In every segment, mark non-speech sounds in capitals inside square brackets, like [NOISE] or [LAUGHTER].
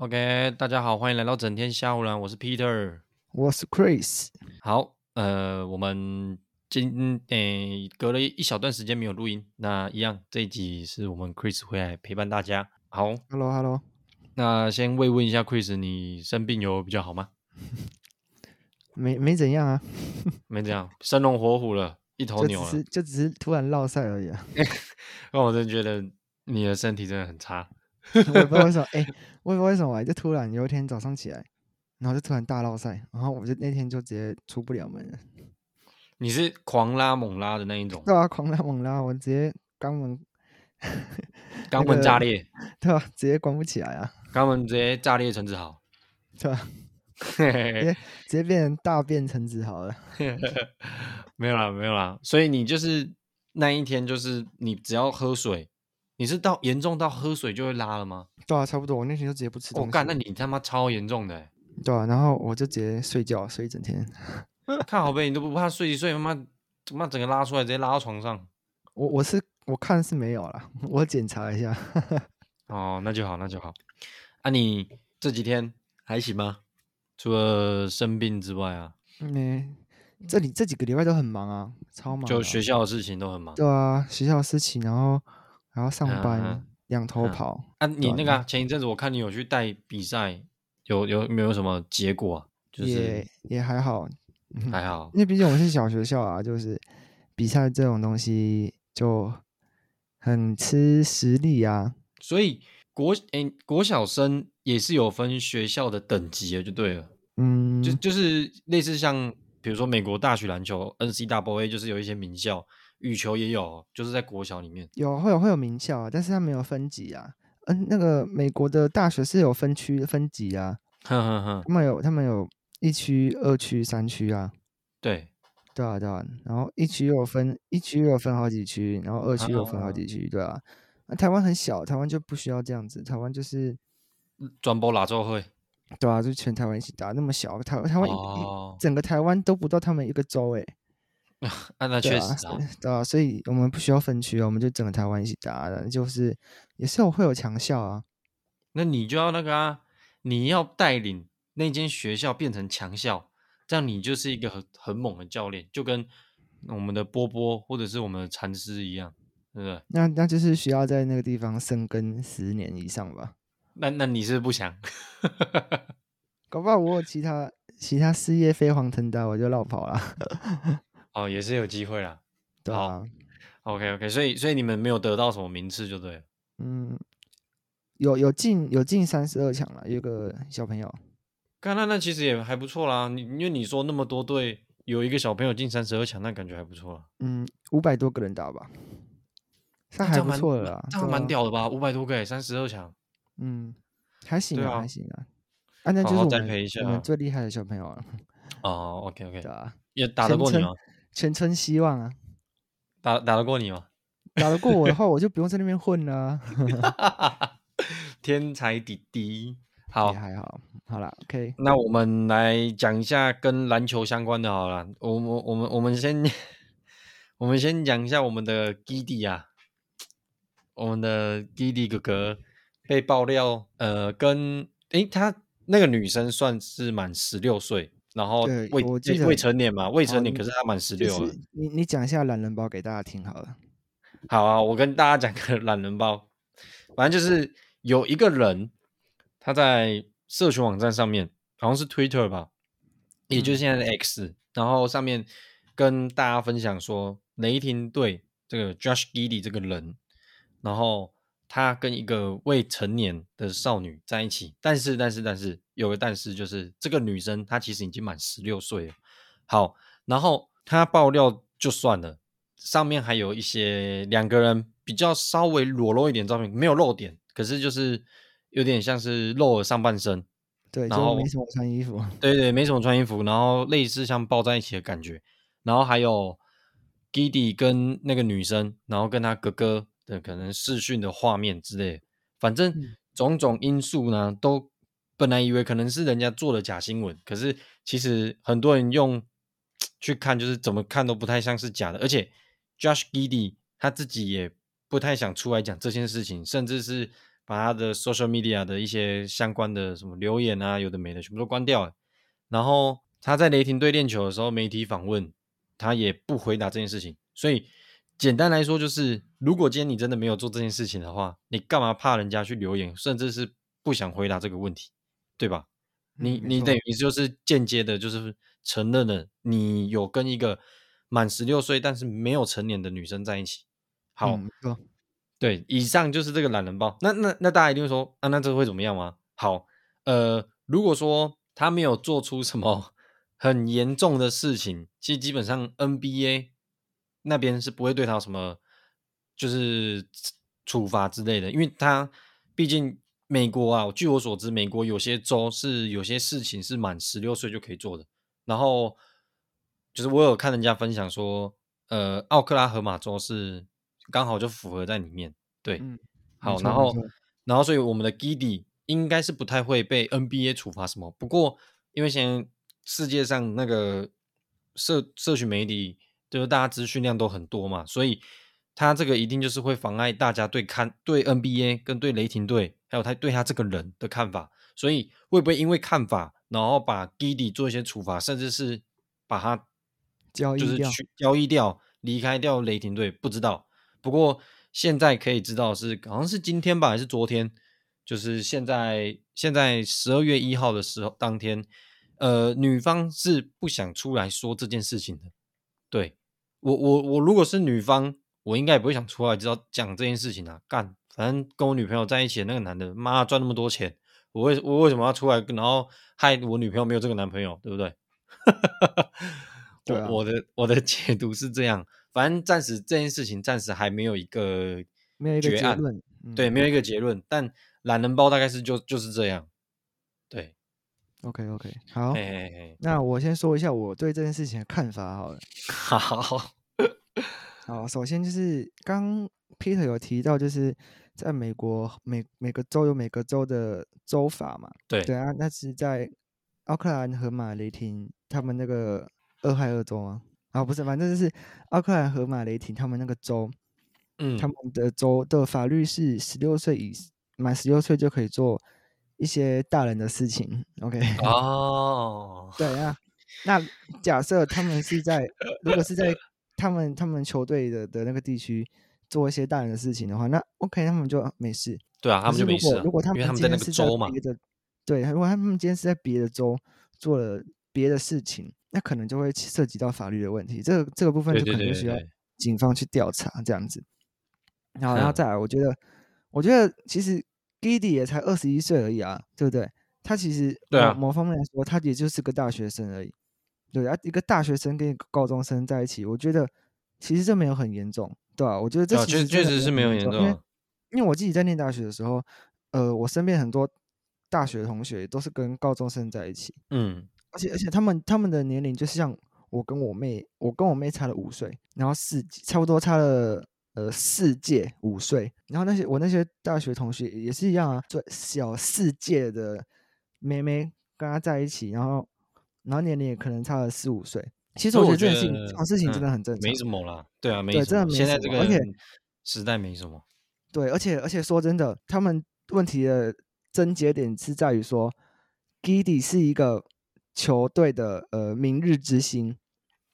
OK，大家好，歡迎來到整天下午啦，我是 Peter，我是 Chris。好，呃，我們今呃，隔了一小段時間沒有錄音，那一樣，這一集是我們 Chris 回來陪伴大家。好，Hello，Hello，hello. 那先慰問一下 Chris，你生病有比較好嗎？ [LAUGHS] 沒沒怎樣啊， [LAUGHS] 沒怎樣，生龍活虎了，一頭牛啊，就只是突然落晒而已、啊。那 [LAUGHS] [LAUGHS] 我真覺得你的身體真的很差。 [LAUGHS] 我也不知道為什麼，哎、欸，我也不知道為什麼、啊，就突然有一天早上起來，然後就突然大落賽，然後我就那天就直接出不了門了。你是狂拉猛拉的那一種？對啊，狂拉猛拉，我直接肛門、那個，肛門炸裂，對吧、啊？直接關不起來啊，肛門直接炸裂，陳子豪，對吧、啊 [LAUGHS] [LAUGHS] [LAUGHS] 直接直接變成大便陳子豪了。 [LAUGHS] [LAUGHS] 沒有啦，沒有啦，所以你就是那一天，就是你只要喝水。你是到嚴重到喝水就會拉了嗎？對啊，差不多。我那天就直接不吃東西。我幹，oh, God, 那你他媽超嚴重的。對啊，然後我就直接睡覺，睡一整天。 [LAUGHS] 看好唄，你都不怕睡一睡，慢慢，慢慢整個拉出來，直接拉到床上。我我是我看是沒有了，我檢查一下。哦、 [LAUGHS] oh,，那就好，那就好。啊，你這幾天還行嗎？除了生病之外啊？嗯、欸，這裡這幾個禮拜都很忙啊，超忙、啊。就學校的事情都很忙。對啊，學校的事情，然後。然後上班，兩、uh -huh. 頭跑、uh -huh. 啊！你那個、啊、前一陣子我看你有去帶比賽，有有沒有什麼結果、啊就是？也也還好、還、嗯、好，因為畢竟我們是小學校啊， [LAUGHS] 就是比賽這種東西就很吃實力啊。所以國誒、欸、國小生也是有分學校的等級的，就對了。嗯，就就是類似像比如說美國大學籃球 NCAA 就是有一些名校。羽球也有，就是在國小裡面有會有會有名校、啊，但是它沒有分級啊。嗯、呃，那個美國的大學是有分區分級啊。哼哼哼，他們有他們有一區、二區、三區啊。對對啊對啊，然後一區又分一區又分好幾區，然後二區又分好幾區、嗯，對啊。嗯、啊台灣很小，台灣就不需要這樣子，台灣就是轉播哪州會？對啊，就全台灣一起打，那麼小？台台灣、哦、整個台灣都不到他們一個州哎、欸。啊，那確實啊，對啊，對啊，所以我們不需要分區，我們就整個台灣一起打，就是也是有會有強校啊。那你就要那個啊，你要帶領那間學校變成強校，這樣你就是一個很很猛的教練，就跟我們的波波或者是我們的禪師一樣，對不對？那那就是需要在那個地方生根十年以上吧。那那你是不想？ [LAUGHS] 搞不好我有其他其他事業飛黃騰達，我就落跑了。 [LAUGHS] 哦，也是有機會啦，對吧、啊？OK OK，所以所以你們沒有得到什麼名次就對了。嗯，有有進有進三十二強了，有一個小朋友。剛剛那那其實也還不錯啦，你因為你說那麼多隊，有一個小朋友進三十二強，那感覺還不錯啦。嗯，五百多個人打吧，那還蠻不錯的啦。樣蠻，啊、這樣蠻屌的吧？五百多個耶三十二強，嗯還、啊啊，還行啊，還行啊。那、啊、那就是我們，好好再陪一下、啊、我們最厲害的小朋友哦，OK OK，對、啊、也打得過你哦。全村希望啊！打打得過你嗎？打得過我的話，我就不用在那邊混了、啊。 [LAUGHS] [LAUGHS] 天才弟弟，好、欸、還好，好了，OK。那我們來講一下跟籃球相關的，好了，我我我們我們先我們先講一下我們的 Giddey 啊，我們的 Giddey 哥哥被爆料，呃，跟誒，他那個女生算是滿十六歲。然後未未未成年嘛，未成年可是他滿十六了。就是，你你講一下懶人包給大家聽好了。好啊，我跟大家講個懶人包，反正就是有一個人他在社群網站上面，好像是 Twitter 吧，也就是現在的 X，、嗯、然後上面跟大家分享說，雷霆隊這個 Josh Giddey 這個人，然後他跟一個未成年的少女在一起，但是但是但是。但是有個但是，就是這個女生，她其實已經滿十六歲了，好，然後她爆料就算了，上面還有一些兩個人比較稍微裸露一點照片，沒有露點，可是就是有點像是露了上半身，對，然後沒什麼穿衣服，對，對對，沒什麼穿衣服，然後類似像抱在一起的感覺，然後還有 Giddey 跟那個女生，然後跟她哥哥的可能視訊的畫面之類的，反正種種因素呢、嗯、都。本來以為可能是人家做了假新聞，可是其實很多人用去看，就是怎麼看都不太像是假的。而且，Josh Giddey 他自己也不太想出來講這件事情，甚至是把他的 social media 的一些相關的什麼留言啊，有的沒的全部都關掉了。然後他在雷霆隊練球的時候，媒體訪問他也不回答這件事情。所以，簡單來說就是，如果今天你真的沒有做這件事情的話，你幹嘛怕人家去留言，甚至是不想回答這個問題？對吧？嗯、你你等於、嗯、就是間接的，就是承認了你有跟一個滿十六歲但是沒有成年的女生在一起。好，嗯、對，以上就是這個懶人包。那那那大家一定會說啊，那這個會怎麼樣嗎？好，呃，如果說他沒有做出什麼很嚴重的事情，其實基本上 NBA 那邊是不會對他什麼就是處罰之類的，因為他畢竟。美國啊，據我所知，美國有些州是有些事情是滿十六歲就可以做的。然後就是我有看人家分享說，呃，奧克拉荷馬州是剛好就符合在裡面。對，嗯、好、嗯，然後、嗯、然後、嗯、然後所以我們的 Giddey 應該是不太會被 NBA 處罰什麼。不過因為現在世界上那個社社群媒體就是大家資訊量都很多嘛，所以。他這個一定就是會妨礙大家對看對 NBA 跟對雷霆隊，還有他對他這個人的看法，所以會不會因為看法，然後把 Giddey 做一些處罰，甚至是把他交易，就是去交易掉，離開掉雷霆隊隊？不知道。不過現在可以知道是好像是今天吧，還是昨天？就是現在現在十二月一號的時候當天，呃，女方是不想出來說這件事情的。對，我我我如果是女方。我應該也不會想出來，知道講這件事情啊，幹，反正跟我女朋友在一起的那個男的，媽賺那麼多錢，我為我為什麼要出來，然後害我女朋友沒有這個男朋友，對不對？ [LAUGHS] 我對、啊、我的我的解讀是這樣，反正暫時這件事情暫時還沒有一個沒有一個結論、嗯，對，沒有一個結論，嗯、但懶人包大概是就就是這樣，對，OK OK，好嘿嘿嘿，那我先說一下我對這件事情的看法好了，好。 [LAUGHS] 好，首先就是剛，剛 Peter 有提到，就是在美國每每個州有每個州的州法嘛？對對啊，那是在奧克拉荷馬雷霆他們那個俄亥俄州啊。啊、哦，不是吧，反正就是奧克拉荷馬雷霆他們那個州，嗯，他們的州的法律是十六歲以滿十六歲就可以做一些大人的事情。OK，哦， [LAUGHS] 對啊，那假設他們是在 [LAUGHS] 如果是在。他們他們球隊的的那個地區做一些大人的事情的話，那 OK，他們就、啊、沒事。對啊，他們就沒事。如果如果他們今天是在別的，因為他們在那個州嘛，對，如果他們今天是在別的州做了別的事情，那可能就會涉及到法律的問題。這個這個部分就可能就需要警方去調查，對對對對對，這樣子。然後、嗯、然後再來，我覺得我覺得其實 Giddey 也才二十一歲而已啊，對不對？他其實某、啊、某方面來說，他也就是個大學生而已。對啊，一個大學生跟一個高中生在一起，我覺得其實這沒有很嚴重，對吧、啊？我覺得這其實確實確、啊、實，實是沒有嚴重，因為因為我自己在念大學的時候，呃，我身邊很多大學同學都是跟高中生在一起，嗯，而且而且他們他們的年齡就是像我跟我妹，我跟我妹差了五歲，然後四差不多差了呃四屆五歲，然後那些我那些大學同學也是一樣、啊，小四屆的妹妹跟她在一起，然後。然後年齡也可能差了四五歲。其實我覺得這件事情，這、哦、事情真的很正常，沒什麼啦。對啊，沒什麼對，真的沒什麼。現在這個時代沒什麼。什麼對，而且而且說真的，他們問題的症結點是在於說，Giddey 是一個球隊的呃明日之星。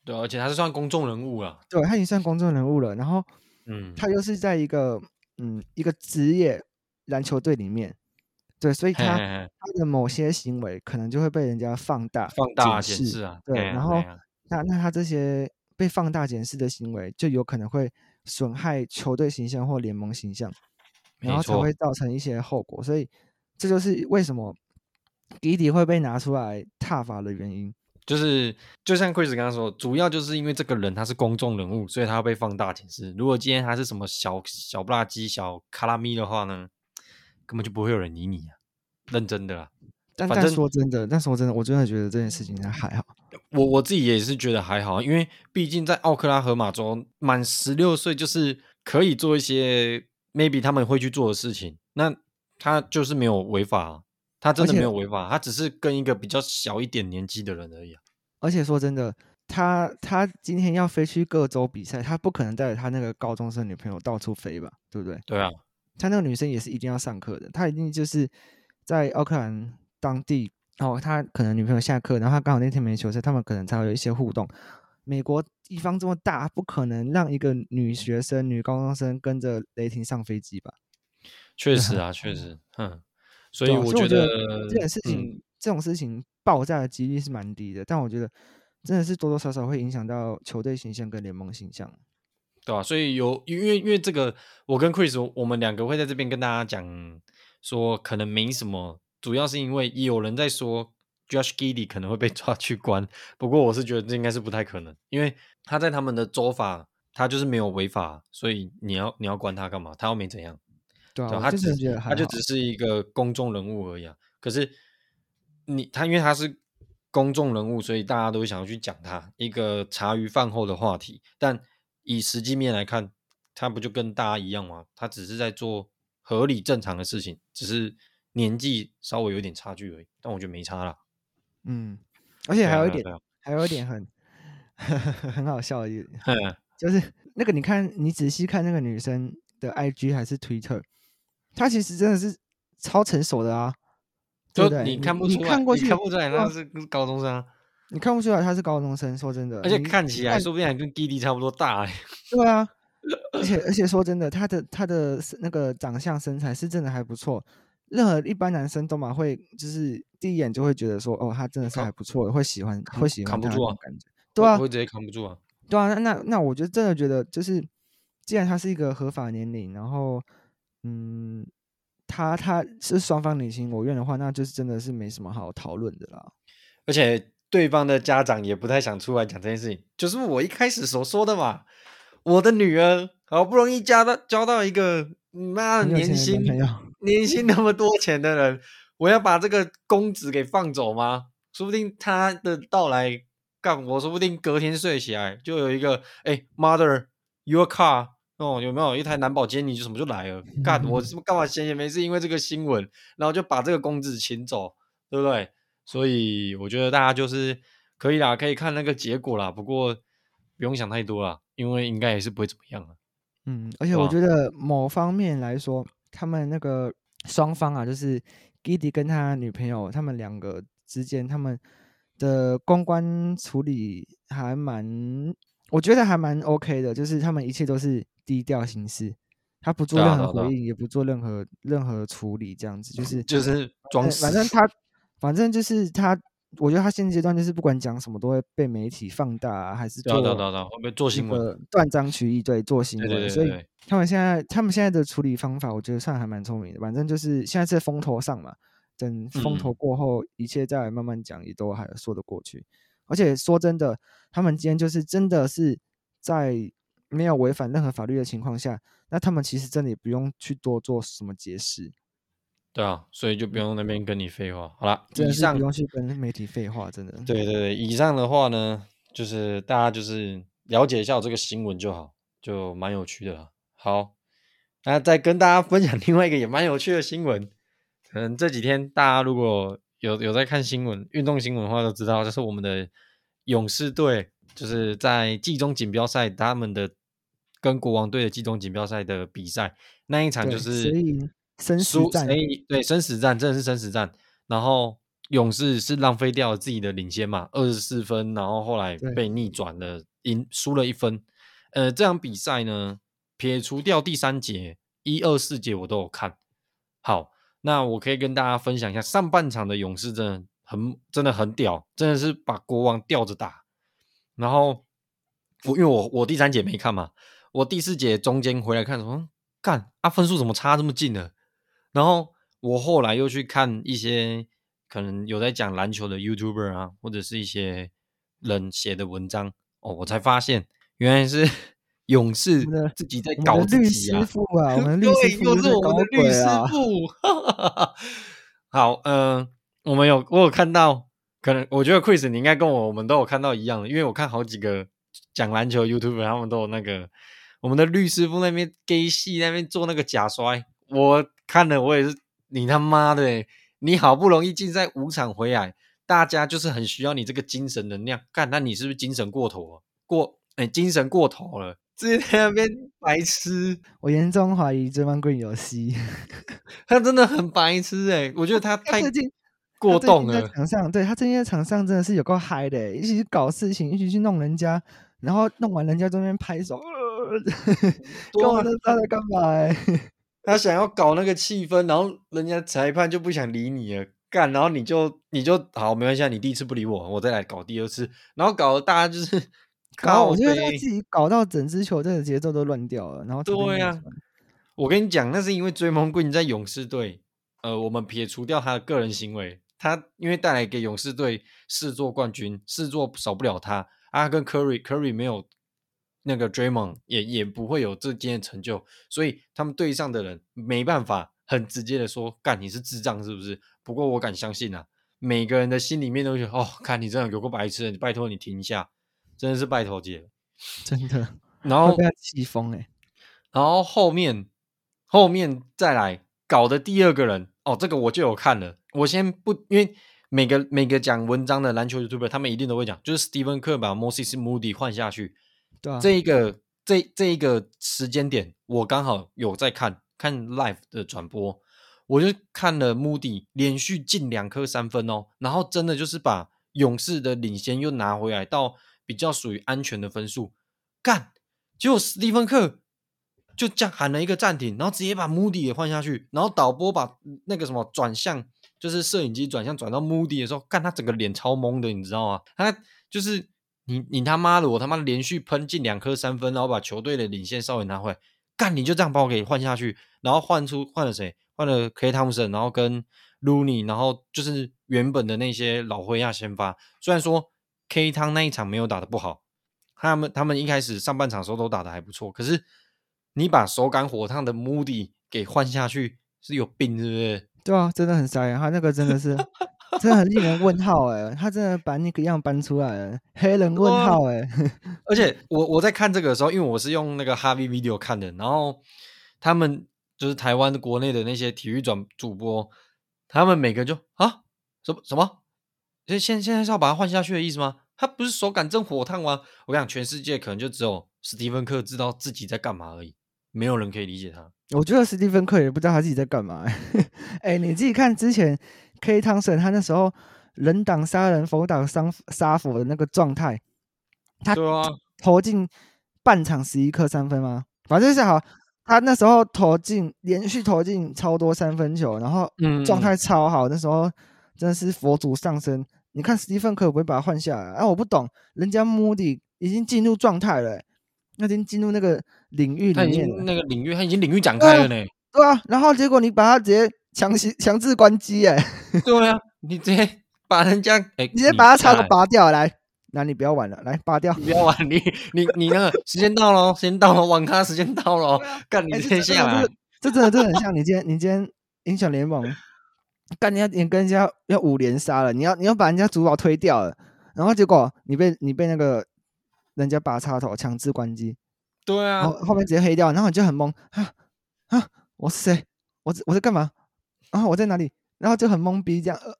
對、啊，而且他是算公眾人物了、啊。對，他已經算公眾人物了。然後，嗯，他又是在一個嗯一個職業籃球隊裡面。對，所以他嘿嘿嘿他的某些行為可能就會被人家放大檢視，放大、檢視啊。對，啊、然後、啊、那那他這些被放大檢視的行為，就有可能會損害球隊形象或聯盟形象，嘿嘿然後才會造成一些後果。所以這就是為什麽迪迪會被拿出來撻伐的原因。就是就像 Chris 剛剛說，主要就是因為這個人他是公眾人物，所以他要被放大檢視。如果今天他是什麽小小不拉嘰，小卡拉咪的話呢？根本就不會有人理你啊！認真的啦，但反正但說真的，但是我真的我真的覺得這件事情應該還好。我我自己也是覺得還好，因為畢竟在奧克拉荷馬州，滿十六歲就是可以做一些 maybe 他們會去做的事情。那他就是沒有違法，他真的沒有違法，他只是跟一個比較小一點年紀的人而已啊。而且說真的，他他今天要飛去各州比賽，他不可能帶着他那個高中生女朋友到處飛吧？對不對？對啊。他那個女生也是一定要上課的，她一定就是在奧克蘭當地哦，她可能女朋友下課，然後她剛好那天沒球賽，他們可能才會有一些互動。美國地方這麼大，不可能讓一個女學生、女高中生跟着雷霆上飛機吧？確實啊，嗯、確實，嗯、啊，所以我覺得這件事情、嗯、這種事情爆炸的幾率是蠻低的，但我覺得真的是多多少少會影響到球隊形象跟聯盟形象。對吧、啊？所以有因為因為這個，我跟 Chris 我們兩個會在這邊跟大家講說，可能沒什麼，主要是因為有人在說 Josh Giddey 可能會被抓去關，不過我是覺得這應該是不太可能，因為他在他們的州法，他就是沒有違法，所以你要你要關他幹嘛？他又沒怎樣。對啊，他他就只是一個公眾人物而已啊。可是你他因為他是公眾人物，所以大家都想要去講他一個茶餘飯後的話題，但。以實際面來看，他不就跟大家一樣嗎？他只是在做合理正常的事情，只是年紀稍微有點差距而已。但我覺得沒差了。嗯，而且還有一點，對啊對啊還有一點很對啊對啊呵呵很好笑的一點對啊，就是那個，你看，你仔細看那個女生的 IG 還是 Twitter，她其實真的是超成熟的啊，就對不對，你看不出來，你看過去，看過去那是高中生。啊。你看不出來他是高中生，說真的，而且看起來說不定還跟弟弟差不多大，欸。對啊， [LAUGHS] 而且而且說真的，他的他的那個長相身材是真的還不錯，任何一般男生都嘛會就是第一眼就會覺得說哦，他真的是還不錯，會喜歡會喜歡扛不住啊，感覺對啊，會直接扛不住啊，對啊，那那，那我就真的覺得就是，既然他是一個合法年齡，然後嗯，他他是雙方你情我願的話，那就是真的是沒什麼好討論的啦，而且。對方的家長也不太想出來講這件事情，就是我一開始所說的嘛。我的女兒好不容易交到交到一個，你媽年薪你有年薪那麼多錢的人，我要把這個公子給放走嗎？說不定他的到來，幹，我說不定隔天睡起來就有一個，哎，Mother，your car，哦，有沒有一台藍寶堅尼？你就什麼就來了、嗯、幹，我是我是不是幹嘛閒閒，閒沒事，因為這個新聞，然後就把這個公子請走，對不對？所以我覺得大家就是可以啦，可以看那個結果啦。不過不用想太多啦，因為應該也是不會怎麼樣了、啊。嗯，而且我覺得某方面來說，他們那個雙方啊，就是 Giddey 跟他女朋友他們兩個之間，他們的公關處理還蠻，我覺得還蠻 OK 的，就是他們一切都是低調行事，他不做任何回應，啊啊啊、也不做任何任何處理，這樣子就是就是裝、欸，反正他。反正就是他，我覺得他現階段就是不管講什麼都會被媒體放大，啊，還是做，對對對對，做新聞，斷章取義，對，啊，做新聞。對，對，對，對，對，對。所以他們現在，他們現在的處理方法，我覺得算還蠻聰明的。反正就是現在在風頭上嘛，等風頭過後，一切再來慢慢講，也都還說得過去。嗯。而且說真的，他們今天就是真的是在沒有違反任何法律的情況下，那他們其實真的也不用去多做什麼解釋。對啊，所以就不用那邊跟你廢話，好了。以上不用去跟媒體廢話，真的。對對對，以上的話呢，就是大家就是了解一下我這個新聞就好，就蠻有趣的。好，那再跟大家分享另外一個也蠻有趣的新聞。可能這幾天大家如果有有在看新聞，運動新聞的話，都知道，就是我們的勇士隊就是在季中錦標賽，他們的跟國王隊的季中錦標賽的比賽那一場，就是。生死戰、欸，對，生死戰，真的是生死戰。然後勇士是浪費掉了自己的領先嘛，二十四分，然後後來被逆轉了，贏輸了一分。呃，這場比賽呢，撇除掉第三節，一二四節我都有看。好，那我可以跟大家分享一下，上半場的勇士真的很，真的很屌，真的是把國王吊着打。然後我因為我我第三節沒看嘛，我第四節中間回來看什麼，幹、嗯、啊，分數怎麼差這麼近呢？然後我後來又去看一些可能有在講籃球的 YouTuber 啊，或者是一些人寫的文章哦，我才發現原來是勇士自己在搞自己啊！我們又是綠師傅,、啊、綠師傅 [LAUGHS] 對，就是我們的綠師傅。啊、 [LAUGHS] 好，嗯、呃，我們有我有看到，可能我覺得 Chris 你應該跟我我們都有看到一樣，因為我看好幾個講籃球 YouTuber，他們都有那個我們的綠師傅那邊 gay 戲那邊做那個假摔，我。看了我也是，你他媽的！你好不容易禁賽五場回來，大家就是很需要你這個精神能量。幹，那你是不是精神過頭啊？過哎、欸，精神過頭了，這邊白痴。我嚴重懷疑這幫 green 遊戲， [LAUGHS] 他真的很白痴哎！我覺得他太過動了。他他在場上對，他今天在場上真的是有夠嗨的，一起去搞事情，一起去弄人家，然後弄完人家在那邊拍手，跟了他在幹嘛？ [LAUGHS] 他想要搞那個氣氛，然後人家裁判就不想理你了，幹，然後你就你就好，沒關係，你第一次不理我，我再來搞第二次，然後搞得大家就是搞，然後我覺得他自己搞到整支球隊的節奏都亂掉了，然後對啊。我跟你講，那是因為追夢格林，在勇士隊，呃，我們撇除掉他的個人行為，他因為帶來給勇士隊四座冠軍，四座少不了他，啊，跟 Curry, Curry 沒有。那個追夢也也不會有這今天成就，所以他們對上的人沒辦法很直接的說，幹，你是智障是不是？不過我敢相信啊，每個人的心裡面都會覺得哦，看你這樣有個白痴，你拜托你停一下，真的是拜托姐，真的。然後被他氣瘋欸，然後後面後面再來搞的第二個人哦，這個我就有看了，我先不，因為每個每個講文章的籃球 YouTuber，他們一定都會講，就是 Steven Kerr 把 Moses Moody 換下去。對啊，這一個這這一個時間點，我剛好有在看看 live 的轉播，我就看了 Moody 連續進兩顆三分哦，然後真的就是把勇士的領先又拿回來到比較屬於安全的分數，幹！結果 Steve Kerr 就這樣喊了一個暫停，然後直接把 Moody 也換下去，然後導播把那個什麼轉向，就是攝影機轉向轉到 Moody 的時候，看他整個臉超懵的，你知道嗎？他就是。你你他媽的我，我他媽連續噴進兩顆三分，然後把球隊的領先稍微拿回來。幹，你就這樣把我給換下去，然後換出換了誰？換了 K Thompson 然後跟 Looney，然後就是原本的那些老灰亞先發。雖然說 K 湯那一場沒有打的不好，他們他們一開始上半場的時候都打的還不錯。可是你把手感火燙的 Moody 給換下去是有病，是不是？對啊，真的很衰呀，他那個真的是。 [LAUGHS] [LAUGHS] 真的很令人問號哎，他真的把那個樣搬出來 [LAUGHS] 黑人問號哎！而且我我在看這個的時候，因為我是用那個 Havi Video 看的，然後他們就是台灣國內的那些體育轉主播，他們每個就啊，什麼什麼，現現現在是要把他換下去的意思嗎？他不是手感正火燙嗎？啊？我跟你講，全世界可能就只有史蒂芬克知道自己在幹嘛而已，沒有人可以理解他。我覺得史蒂芬克也不知道他自己在幹嘛。哎、 [LAUGHS] 欸，你自己看之前。黑湯神他那時候人擋殺人，佛擋傷殺佛的那個狀態，他投進半場十一顆三分嗎？反正就是好，他那時候投進連續投進超多三分球，然後狀態超好，嗯，那時候真的是佛祖上身。你看史蒂芬可不可以把他換下來啊？我不懂，人家莫迪已經進入狀態了，欸，那已經進入那個領域裡面，他，那個領域，他已經領域展開了呢，欸呃。對啊，然後結果你把他直接強行強制關機哎，欸。對啊，你直接把人家，欸、你直接把他插頭拔掉、欸、來。那你，、欸、你不要玩了，來拔掉。你不要玩你，你你那個時間到咯， [LAUGHS] 時間到咯，網咖時間到咯。幹你這下、啊。這、欸、這真的這這這真的很像 [LAUGHS] 你今天，你今天英雄聯盟，幹人家，你跟人家要五連殺了，你要你要把人家主堡推掉了，然後結果你被你被那個人家拔插頭強制關機。對啊。後，後面直接黑掉，然後你就很懵啊啊！我塞，誰？我我在幹嘛？啊，我在哪裡？然後就很懵逼，這樣、呃、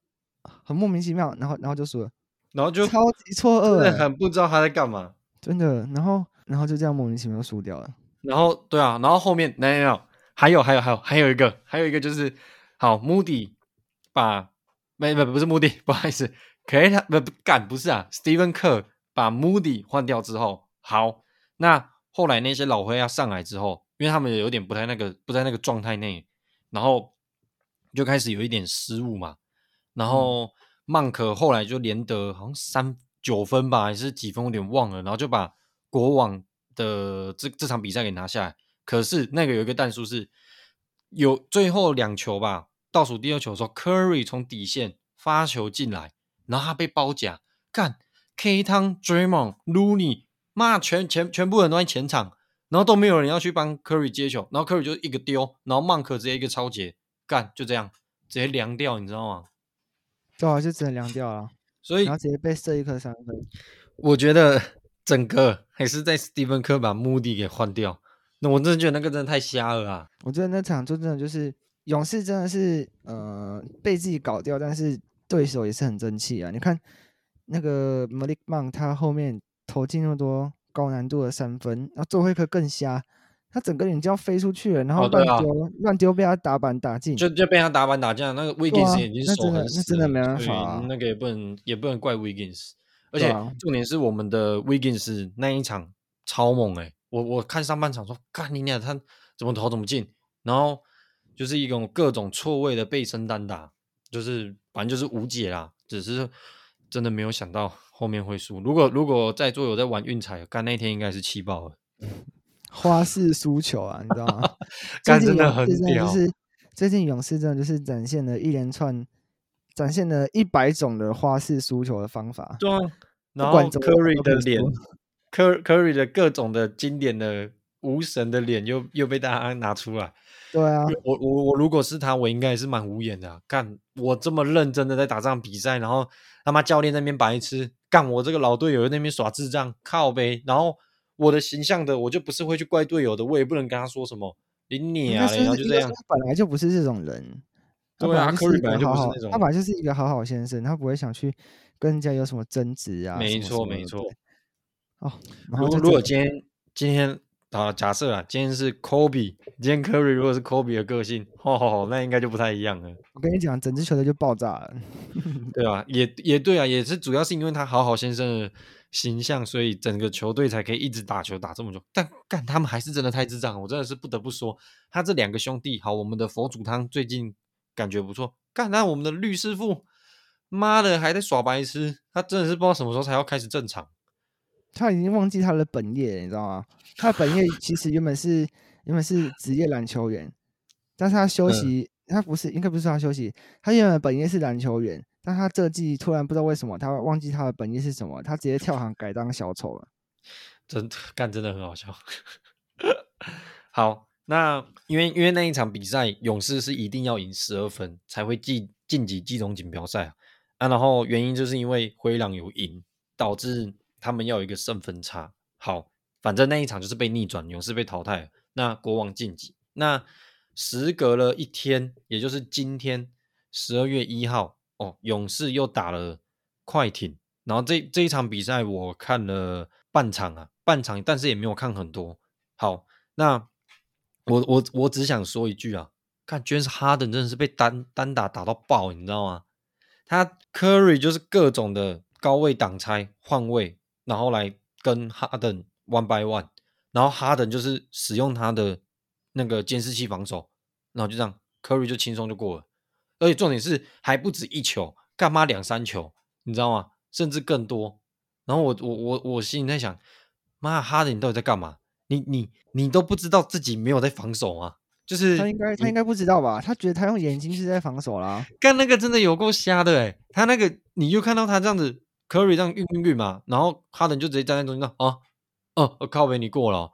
很莫名其妙。然後，然後就輸了，然後就超級錯愕，很不知道他在幹嘛，真的。然後，然後就這樣莫名其妙輸掉了。然後，對啊，然後後面，還有還有還有還有，還有一個，還有一個就是，好，Moody 把沒沒不是 Moody，不好意思可以，不不不是啊，Steven Kerr 把 Moody 換掉之後，好，那後來那些老黑要上來之後，因為他們有點不太那個，不在那個狀態內，然後。就開始有一點失誤嘛，然後曼克後來就連得好像三九分吧，還是幾分，有點忘了。然後就把國王的這這場比賽給拿下來。可是那個有一個彈數是有最後兩球吧，倒數第二球的時候，Curry 從底線發球進來，然後他被包夾，幹，K 湯、Draymond、Luni，媽，全全全部人都在前場，然後都沒有人要去幫 Curry 接球，然後 Curry 就一個丟，然後曼克直接一個抄截。幹就這樣，直接涼掉，你知道嗎？對啊，就直接涼掉了。所以然後直接被射一顆三分。我覺得整個還是在 Stephen Kerr 把 Moody 給換掉。那我真的覺得那個真的太瞎了啊！我覺得那場就真的就是勇士真的是呃被自己搞掉，但是對手也是很爭氣啊。你看那個 Malik Monk 他後面投進那麼多高難度的三分，然後最後一顆更瞎。他整個人就要飛出去了，然後亂丟、哦對啊，亂丟被他打板打進，就就被他打板打進了。那個 Wiggins、啊、已經手很死那真,那真的沒辦法、啊、那個也不能也不能怪 Wiggins 而且重點是我們的 Wiggins 那一場超猛哎、欸啊，我我看上半場說，幹你娘他怎麼投怎麼進，然後就是一種各種錯位的背身單打，就是反正就是無解啦，只是真的沒有想到後面會輸。如果如果在座有在玩運彩，剛那天應該是氣爆了。 [LAUGHS] [LAUGHS] 花式輸球啊，你知道嗎？ [LAUGHS] 真最近真的很屌。就是， [LAUGHS] 最近勇士真的就是展現了一連串，展現了一百種的花式輸球的方法。對啊，然後柯瑞的臉，柯柯瑞的各種的經典的無神的臉又又被大家拿出來。對啊，我我我如果是他，我應該也是蠻無言的啊。幹，我這麼認真的在打這場比賽，然後他媽教練在那邊白痴，幹我這個老隊友在那邊耍智障，靠北，然後。我的形象的，我就不是會去怪隊友的，我也不能跟他說什麼，你你啊，然後就這樣。是是他本來就不是這種人，對啊，本來就不是那種、啊，他本來就是一個好好，個好，好，先，生個好，好先生，他不會想去跟人家有什麼爭執啊。沒錯，沒錯。哦，然後如果今天，今天啊，假設啊，今天是 Kobe，今天 Curry 如果是 Kobe 的個性，哦好好，那應該就不太一樣了。我跟你講，整支球隊就爆炸了。 [LAUGHS] 對啊，也也對啊，也是主要是因為他好好先生。形象，所以整個球隊才可以一直打球打這麼久。但幹他們還是真的太智障，我真的是不得不說。他這兩個兄弟，好，我們的佛祖湯最近感覺不錯。幹，那我們的綠師傅，媽的還在耍白痴，他真的是不知道什麼時候才要開始正常。他已經忘記他的本業，你知道嗎？他本業其實原本是 [LAUGHS] 原本是職業籃球員，但是他休息，他不是應該不是他休息，他原本本業是籃球員。但他這季突然不知道為什麼，他忘記他的本意是什麼，他直接跳行改當小丑了，真的，幹真的很好笑。 [LAUGHS] 好，那因為因為那一場比賽，勇士是一定要贏十二分才會進晉級季中錦標賽啊。然後原因就是因為灰狼有贏，導致他們要有一個勝分差。好，反正那一場就是被逆轉，勇士被淘汰了。那國王晉級。那時隔了一天，也就是今天十二月一號。勇士又打了快艇，然後這這一場比賽我看了半場啊，半場，但是也沒有看很多。好，那我我我只想說一句啊，看，居然是哈登真的是被單單打打到爆，你知道嗎？他 Curry 就是各種的高位擋拆、換位，然後來跟哈登 one by one，然後哈登就是使用他的那個監視器防守，然後就這樣，Curry 就輕鬆就過了。而且重點是還不止一球，幹嘛兩三球？你知道嗎？甚至更多。然後我我我我心裡在想，媽哈登你到底在幹嘛？你你你都不知道自己沒有在防守嗎？就是他應該他應該不知道吧？他覺得他用眼睛是在防守啦。幹那個真的有夠瞎的誒、欸，他那個你就看到他這樣子，Curry 這樣運運運嘛，然後哈登就直接站在中間道啊哦、啊，靠北你過了。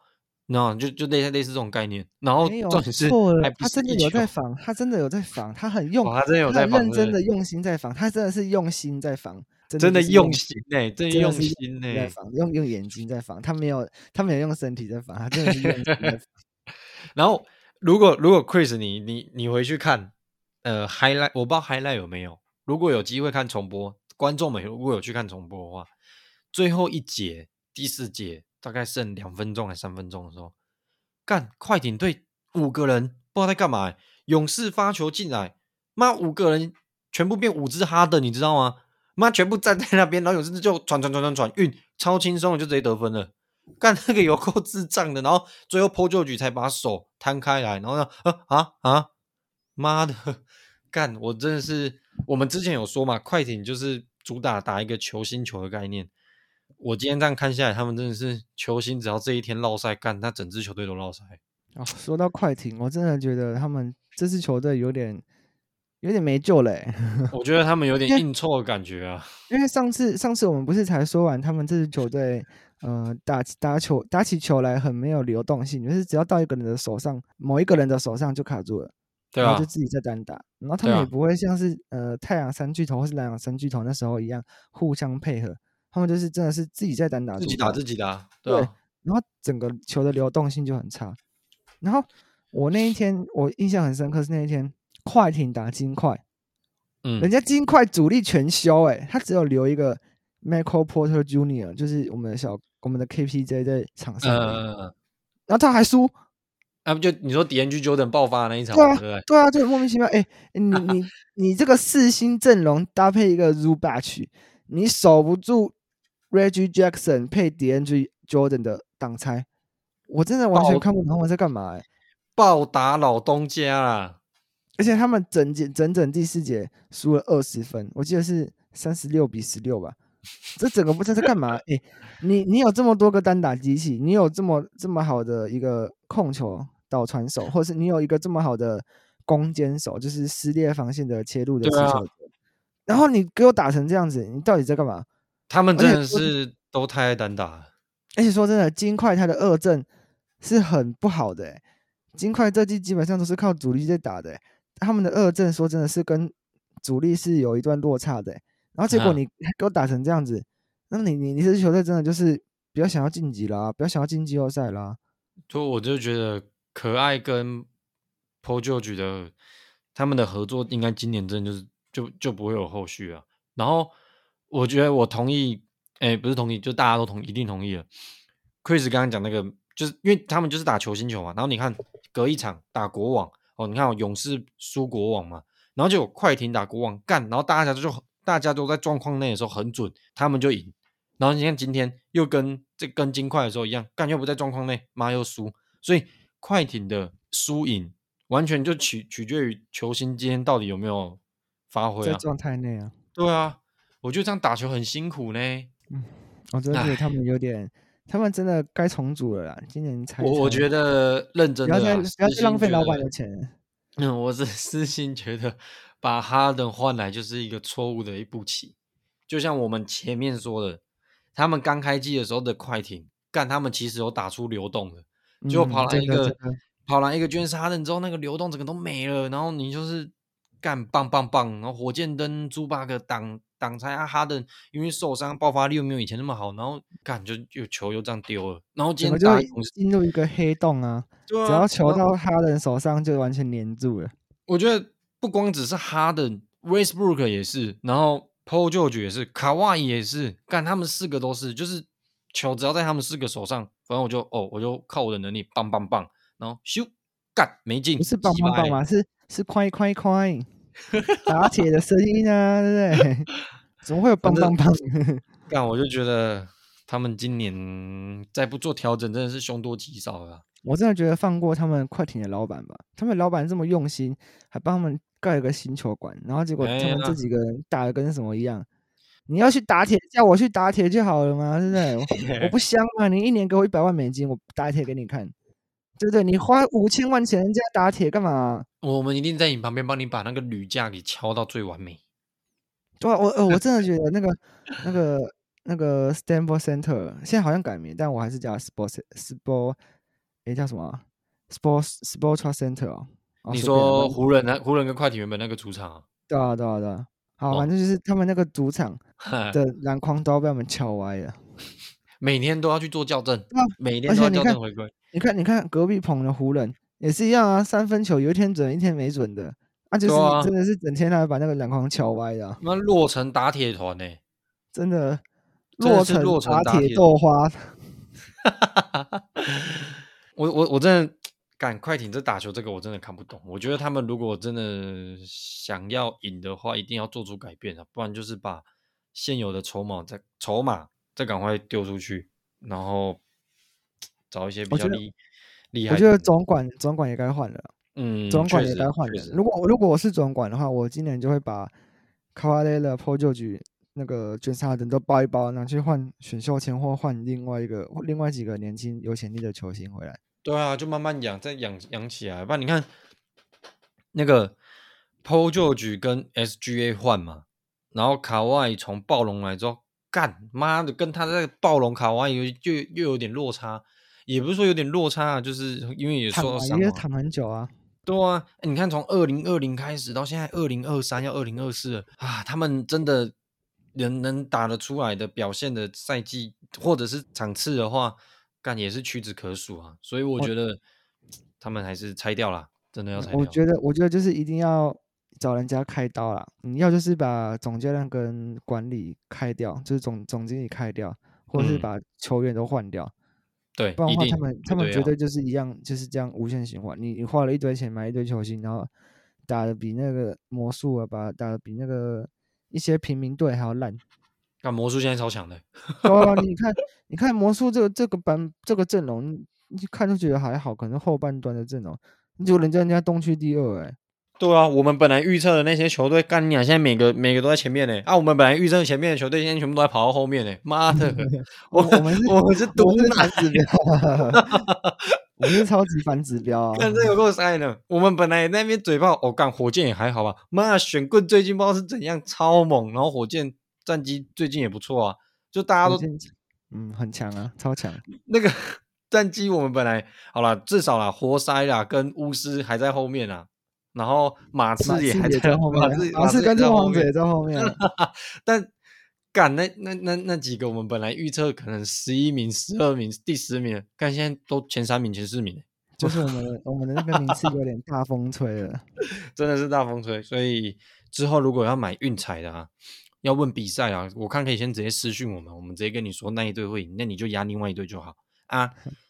然、no, 就就類類似這種概念，然後重點是他真的有在防，他真的有在防，他很用，他真的有在真的用心在防、欸，他真的是用心在防，真的用心哎，真用心在防用用眼睛在防，他沒有他沒有用身體在防，他真的是用心。然後如果如果 Chris 你你你回去看呃 highlight 我不知道 highlight 有沒有，如果有機會看重播，觀眾們如果有去看重播的話，最後一節第四節。大概剩兩分鐘還三分鐘的時候，幹快艇隊五個人不知道在幹嘛，欸，勇士發球進來，媽五個人全部變五隻哈登，你知道嗎？媽全部站在那邊，然後勇士就傳傳傳傳傳，運超輕鬆就直接得分了。幹那個有夠智障的，然後最後 Paul George 才把手攤開來，然後呢啊啊啊，媽的，幹我真的是我們之前有說嘛，快艇就是主打打一個球星球的概念。我今天這樣看下來，他們真的是球星，只要這一天落賽干，那整支球隊都落賽。哦，說到快艇，我真的覺得他們這支球隊有點有點沒救嘞。我覺得他們有點硬湊的感覺啊。 [LAUGHS] 因為，因為上次上次我們不是才說完，他們這支球隊，呃，打打球打起球來很沒有流動性，就是只要到一個人的手上，某一個人的手上就卡住了，對啊，然後就自己在單打。然後他們也不會像是呃太陽三巨頭或是籃網三巨頭那時候一樣互相配合。他們就是真的是自己在單打，自己打自己的，對，對。然後整個球的流動性就很差。然後我那一天我印象很深刻，是那一天快艇打金塊，嗯，人家金塊主力全休，誒，他只有留一個 Michael Porter Junior，就是我們的小我們的 K P J 在場上。嗯嗯嗯，嗯。然後他還輸，那不就你說 D N G Jordan 爆發那一場，對啊對啊，啊啊啊、 [LAUGHS] 就莫名其妙誒、欸，你你你這個四星陣容搭配一個 Zubac，你守不住。Reggie Jackson 配 DeAndre Jordan 的擋拆，我真的完全看不懂他們在幹嘛。哎，暴打老東家啦！而且他們整節整，整整第四節輸了二十分，我記得是三十六比十六吧。這整個不知道在幹嘛。哎，你你有這麼多個單打機器，你有這麼這麼好的一個控球倒傳手，或是你有一個這麼好的攻堅手，就是撕裂防線的切入的技巧手，然後你給我打成這樣子，你到底在幹嘛？他們真的是都太愛單打，而且說真的，金塊他的二陣是很不好的。哎，金塊這季基本上都是靠主力在打的，他們的二陣說真的是跟主力是有一段落差的。然後結果你給我打成這樣子，嗯啊、那你你你這球隊真的就是比較想要晉級啦，比較想要進季後賽啦。所以我就覺得可愛跟破舊局的他們的合作，應該今年真的就是就就不會有後續啊。然後。我覺得我同意，誒、欸、不是同意，就大家都同一定同意了。Chris 剛剛講那個，就是因為他們就是打球星球嘛。然後你看，隔一場打國王，哦，你看勇士輸國王嘛，然後就快艇打國王，幹，然後大家就大家都在狀況內的時候很準，他們就贏。然後你看今天又跟這跟金塊的時候一樣，幹又不在狀況內，媽又輸。所以快艇的輸贏完全就取取決於球星今天到底有沒有發揮啊。在狀態內啊？對啊。我就這樣打球很辛苦呢。嗯，我覺得他們有點，他們真的該重組了啦。今年才我覺得認真的，不要去浪費老闆的錢。嗯，我是私心覺得把哈登換來就是一個錯誤的一步棋。就像我們前面說的，他們剛開季的時候的快艇，幹他們其實有打出流動的，就跑來一個跑來一個捐殺的之後，那個流動整個都沒了。然後你就是幹棒棒棒、棒，然後火箭燈豬八哥擋擋拆啊，哈登因為受傷爆發力又沒有以前那麼好，然後感覺，又球又這樣丟了。然後今天打進入一個黑洞啊，對啊，只要球到哈登手上就完全粘住了。我覺得不光只是哈登，Westbrook 也是，然後 Paul George 也是，卡哇伊也是，幹他們四個都是，就是球只要在他們四個手上，反正我就哦，我就靠我的能力棒棒棒，然後咻幹沒進，不是棒棒棒啊，是是快快快！ [LAUGHS] 打鐵的聲音啊，對不對？怎麼會有棒棒棒？但我就覺得他們今年再不做調整，真的是凶多吉少了。我真的覺得放過他們快艇的老板吧，他們老板這麼用心，還幫他們蓋一個新球館，然後結果他們這幾個人打的跟什麼一樣，哎？你要去打鐵，叫我去打鐵就好了嘛？對不對？我，我不香嗎？你一年給我一百萬美金，我打鐵給你看，對不對？你花五千萬錢人家打鐵幹嘛？我們一定在你旁邊幫你把那個鋁架給敲到最完美。對啊，我我我真的覺得那個 [LAUGHS] 那個那個 Staples Center 現在好像改名，但我還是叫 Sports Sports，、欸、哎叫什麼 Sports、啊、Sports Sport Center、啊啊、你說湖人啊？湖人跟快艇原本那個主場、啊？對啊對啊對啊,對啊。好、哦，反正就是他們那個主場的籃筐都要被我們敲歪了， [LAUGHS] 每天都要去做校正。對啊、每年都要校正回歸。你看你看隔壁棚的湖人。也是一樣啊，三分球有一天準一天沒準的啊、就是、啊，就是真的是整天來把那個兩筐敲歪的。那洛城打鐵團呢？真的，洛城打鐵豆花。花 [LAUGHS] [LAUGHS] [LAUGHS] 我我我真的，趕快艇這打球這個我真的看不懂。我覺得他們如果真的想要贏的話，一定要做出改變啊，不然就是把現有的籌碼再籌碼再趕快丟出去，然後找一些比較厲害厲害，我覺得總管總管也該換了，嗯，總管也該換了。如果如果我是總管的話，我今年就會把卡哇雷的破舊局那個卷殺人都包一包，拿去換選秀權或換另外一個、另外幾個年輕有潛力的球星回來。對啊，就慢慢養，再養養起來。不然你看，那個破舊局跟 SGA 換嘛，然後卡哇伊從暴龍來之後，幹，媽的跟他在暴龍卡哇伊就又有點落差。也不是說有點落差啊，就是因為也說，到傷、啊、躺很久啊，對啊，你看從二零二零開始到現在二零二三要二零二四啊，他們真的能能打得出來的表現的賽季或者是場次的話，干也是屈指可數啊。所以我覺得他們還是拆掉了，真的要拆掉。我覺得，我覺得就是一定要找人家開刀啦。你、嗯、要就是把總教練跟管理開掉，就是總總經理開掉，或者是把球員都換掉。嗯不然的話，他們他們絕對就是一樣，一就是這樣無限循環。你你花了一堆錢買一堆球星，然後打的比那個魔術啊吧打的比那個一些平民隊還要爛。那魔術現在超強的，哦，你看 [LAUGHS] 你看魔術這個這個班這個陣容，你看就覺得還好，可能後半段的陣容，你就人家人家東區第二誒、欸。對啊，我們本來預測的那些球隊，幹你娘、啊！現在每個每個都在前面呢。啊，我們本來預測前面的球隊，現在全部都在跑到後面呢。媽的，我我，我們是我們是毒男我、啊、 [LAUGHS] 我是超級反指標、啊。 [LAUGHS] 看這個夠塞呢，我們本來那邊嘴炮，我、哦、幹火箭也還好吧。媽，選棍最近不知道是怎樣，超猛。然後火箭戰績最近也不錯啊，就大家都嗯很強啊，超強。那個戰績我們本來好啦，至少啦，活塞啦跟巫師還在後面啊。然後馬刺也還在，馬刺也在後面，馬刺跟著王子也在後面。 [LAUGHS] 但幹那那那那幾個，我們本來預測可能十一名、十二名、第十名，看現在都前三名、前四名，就是我們 [LAUGHS] 我們的那個名次有點大風吹了， [LAUGHS] 真的是大風吹。所以之後如果要買運彩的啊，要問比賽啊，我看可以先直接私訊我們，我們直接跟你說那一隊會贏，那你就押另外一隊就好啊。 [LAUGHS]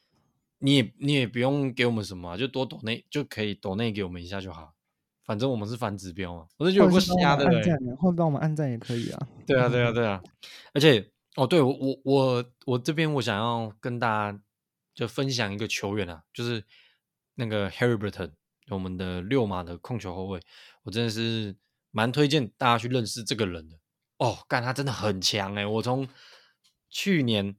你也你也不用給我們什麼、啊、就多抖內，就可以抖內給我們一下就好，反正我們是反指標嘛、啊、我是覺得不是啊，對不對？會幫我們按贊也，也可以啊。對啊，對啊，對啊。嗯、而且哦，對我我我我這邊我想要跟大家就分享一個球員啊，就是那個 Haliburton 我們的六碼的控球後衛，我真的是蠻推薦大家去認識這個人的哦，看他真的很強誒，我從去年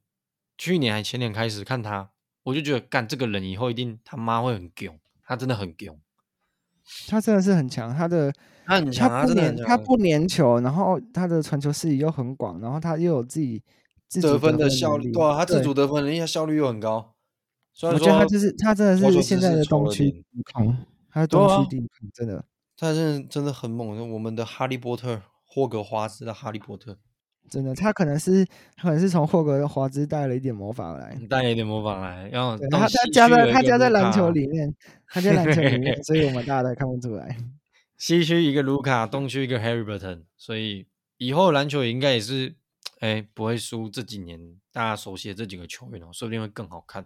去年還前年開始看他。我就覺得幹這個人以後一定他媽會很牛，他真的很牛，他真的是很強。他的他很強、啊，他不粘他,、啊、他不粘球，然後他的傳球視野又很廣，然後他又有自己自主得分的,分的效率，對、啊，他自主得分的他效率又很高雖然說。我覺得他就是他真的是,是現在的東區第一他的東區第一真的，他真的真的很猛，像我們的哈利波特霍格華茲的哈利波特。真的，他可能是，可能是從霍格的華茲帶了一點魔法來，帶了一點魔法來，然後他加在，他加在籃球裡面，他加籃球裡面， [LAUGHS] 所以我們大家都看不出來。西區一個盧卡，東區一個 Haliburton，所以以後籃球也應該也是，哎、欸，不會輸這幾年大家熟悉的這幾個球員哦、喔，說不定會更好看。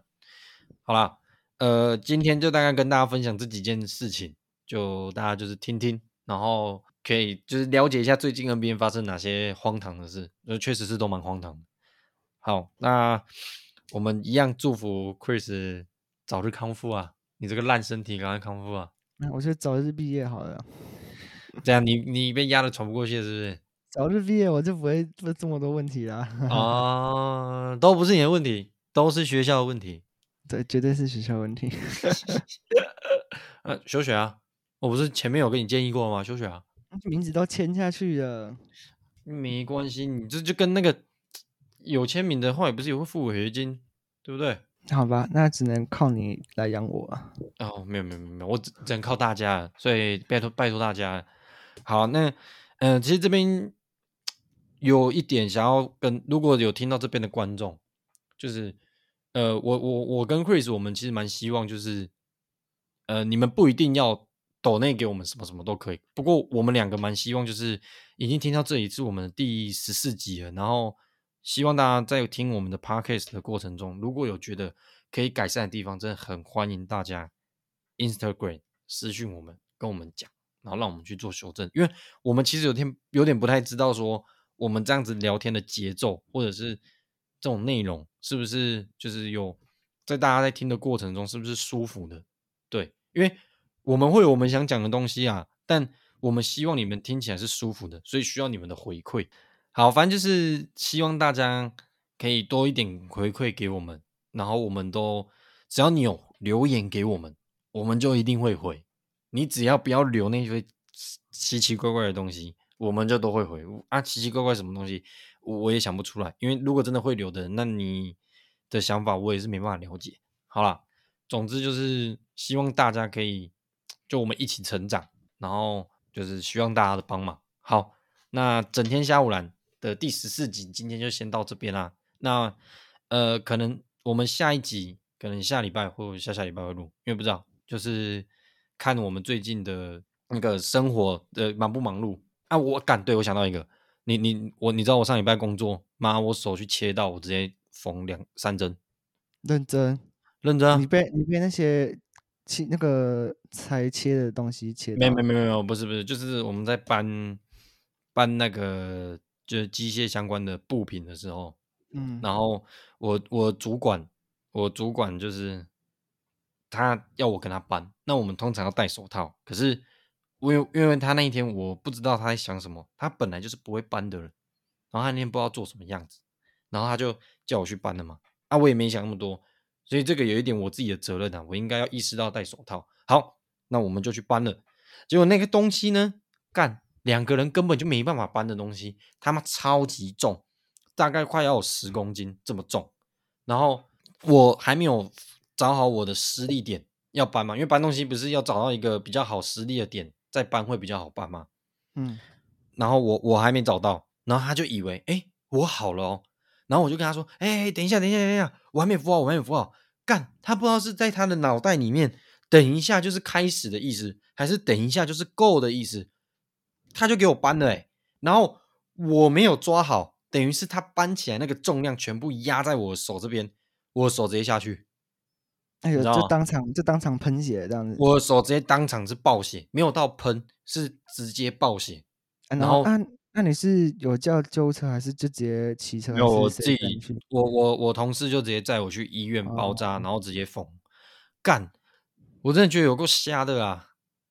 好啦，呃，今天就大概跟大家分享這幾件事情，就大家就是聽聽，然後。可以，就是了解一下最近 NBA 發生哪些荒唐的事，那確實是都蠻荒唐的。好，那我們一樣祝福 Chris 早日康復啊！你這個爛身體趕快康復啊！那、嗯、我覺得早日畢業好了。這樣，你你被壓的喘不過氣是不是？早日畢業，我就不會問這麼多問題了。啊 [LAUGHS] 呃，都不是你的問題，都是學校的問題。對，絕對是學校問題。 [LAUGHS] [LAUGHS] 呃，休學啊！我不是前面有跟你建議過嗎？休學啊！名字都簽下去了，沒關係，你這就，就跟那個有簽名的話，也不是有付違約金，對不對？好吧，那只能靠你來養我啊。哦，沒有沒有沒有，我只只能靠大家，所以拜託拜託大家。好，那嗯、呃，其實這邊有一點想要跟如果有聽到這邊的觀眾，就是呃，我我我跟 Chris，我們其實蠻希望就是呃，你們不一定要。抖內給我們什麼什麼都可以，不過我們兩個蠻希望，就是已經聽到這一次我們的第十四集了，然後希望大家在聽我們的 Podcast 的過程中，如果有覺得可以改善的地方，真的很歡迎大家 Instagram 私訊我們，跟我們講，然後讓我們去做修正，因為我們其實有天有點不太知道說我們這樣子聊天的節奏，或者是這種內容是不是就是有在大家在聽的過程中是不是舒服的，對，因為。我們會有我們想講的東西啊，但我們希望你們聽起來是舒服的，所以需要你們的回饋。好，反正就是希望大家可以多一點回饋給我們，然後我們都只要你有留言給我們，我們就一定會回。你只要不要留那些奇奇怪怪的東西，我們就都會回啊。奇奇怪怪什麼東西，我也想不出來。因為如果真的會留的人，那你的想法我也是沒辦法了解。好了，總之就是希望大家可以。就我們一起成長，然後就是希望大家的幫忙。好，那整天蝦唬籃的第十四集，今天就先到這邊啦。那呃，可能我們下一集，可能下禮拜或下下禮拜會錄，因為不知道，就是看我們最近的那個生活的忙不忙碌啊。我敢，對我想到一個，你你我，你知道我上禮拜工作嗎？我手去切到，我直接縫兩三針，認真，認真啊，你被你被那些。切那個裁切的東西，切？沒沒沒沒有，不是不是，就是我們在搬搬那個就是機械相關的部品的時候，嗯，然後我我主管我主管就是他要我跟他搬，那我們通常要戴手套，可是因為因為他那一天我不知道他在想什麼，他本來就是不會搬的人，然後他那天不知道做什麼樣子，然後他就叫我去搬了嘛，啊，我也沒想那麼多。所以這個有一點我自己的責任吶、啊，我應該要意識到戴手套。好，那我們就去搬了。結果那個東西呢，幹兩個人根本就沒辦法搬的東西，他媽超級重，大概快要有十公斤這麼重。然後我還沒有找好我的施力點要搬嘛，因為搬東西不是要找到一個比較好施力的點再搬會比較好搬嘛。嗯，然後我我還沒找到，然後他就以為哎，我好了哦。然後我就跟他說：“哎、欸，等一下，等一下，等一下，我還沒扶好，我還沒扶好，幹！”他不知道是在他的腦袋裡面，等一下就是開始的意思，還是等一下就是夠的意思。他就給我搬了，哎，然後我沒有抓好，等於是他搬起來那個重量全部壓在我手這邊，我手直接下去，哎呦，就當場就當場噴血這樣子。我手直接當場是爆血，沒有到噴，是直接爆血。啊、然後。啊那你是有叫救護車，還是就直接騎車？我自己，我我我同事就直接載我去醫院包紮，哦，然後直接縫。幹，我真的覺得有夠瞎的啊！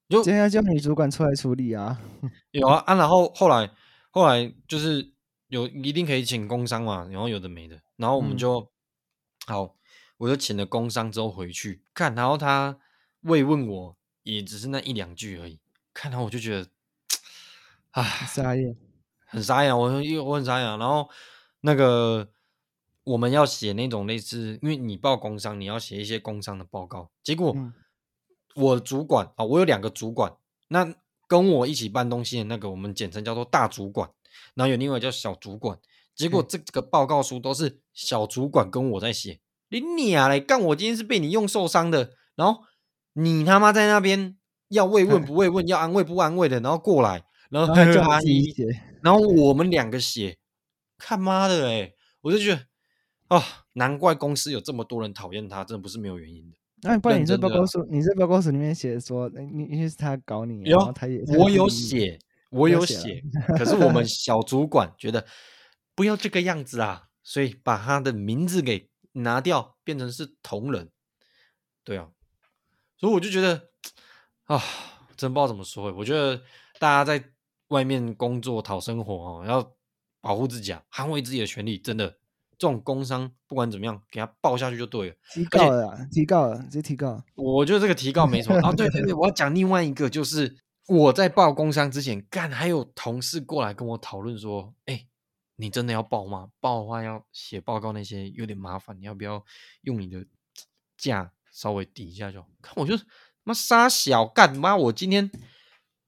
就直接叫女主管出來處理啊。有啊 [LAUGHS] 啊！然後後來後來就是有一定可以請工傷嘛，然後有的沒的，然後我們就、嗯、好，我就請了工傷之後回去看，然後他慰問我也只是那一兩句而已，看然後我就覺得，唉，瞎眼。很傻眼，我說又我很傻眼，然後那個我們要寫那種類似，因為你報工傷，你要寫一些工傷的報告。結果、嗯、我主管啊、哦，我有兩個主管，那跟我一起搬東西的那個，我們簡稱叫做大主管，然後有另外叫小主管。結果這個報告書都是小主管跟我在寫，你、嗯、你啊嘞幹，我今天是被你用受傷的，然後你他媽在那邊要慰問不慰問，要安慰不安慰的，然後過來，然後他就理解。然後我們兩個寫，看媽的哎、欸，我就覺得啊、哦，難怪公司有這麼多人討厭他，真的不是沒有原因的。那不然你這報告書，你這報告書裡面寫說，因為是他搞你，然後他也我有寫，我有寫，可是我們小主管覺得不要這個樣子啊， [LAUGHS] 所以把他的名字給拿掉，變成是同仁。對啊，所以我就覺得啊，真不知道怎麼說。我覺得大家在外面工作討生活哦，要保護自己啊，捍衛自己的權利，真的，這種工傷不管怎麼樣，給他報下去就對了。提告，告了，提告了，提告。我覺得這個提告沒什麼哦、 [LAUGHS] 啊。對對對，我要講另外一個，就是 [LAUGHS] 我在報工傷之前，幹還有同事過來跟我討論說：“哎、欸，你真的要報嗎？報的話要寫報告那些有點麻煩，你要不要用你的假稍微抵一下就好？”看，我就媽殺小幹嘛我今天。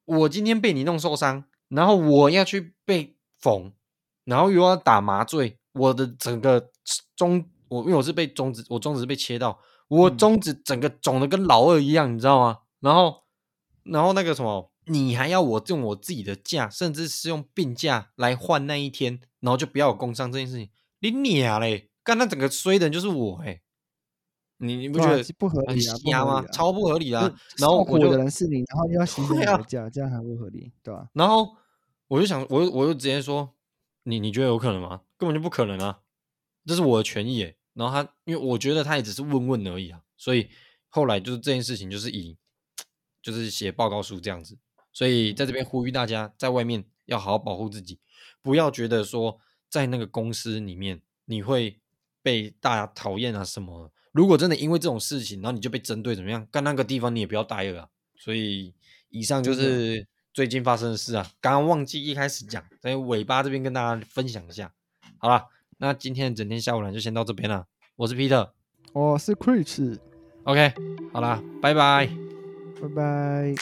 我今天被你弄受傷，然後我要去被縫，然後又要打麻醉，我的整個中，我因為我是被中指，我中指被切到，我中指整個腫的跟老二一樣，你知道嗎？然後，然後那個什麼，你還要我用我自己的假，甚至是用病假來換那一天，然後就不要有工傷這件事情，你娘嘞！剛才整個衰的人就是我誒、欸。你你不覺得、啊、不合理啊？壓嗎、啊？超不合理啊！然後我，我的人是你，然後要你要洗洗腳，這樣還不合理，對吧、啊？然後我就想，我我就直接說，你你覺得有可能嗎？根本就不可能啊！這是我的權益，哎。然後他，因為我覺得他也只是問問而已啊，所以後來就是這件事情就，就是以就是寫報告書這樣子。所以在這邊呼籲大家，在外面要好好保護自己，不要覺得說在那個公司裡面你會被大家討厭啊什麼。如果真的因為這種事情，然後你就被針對，怎麼樣？幹那個地方你也不要待了啊。所以以上就是最近發生的事啊。剛剛忘記一開始講，在尾巴這邊跟大家分享一下。好了，那今天的整天蝦唬籃就先到這邊了。我是 Peter，我是 Chris。OK，好了，拜拜，拜拜。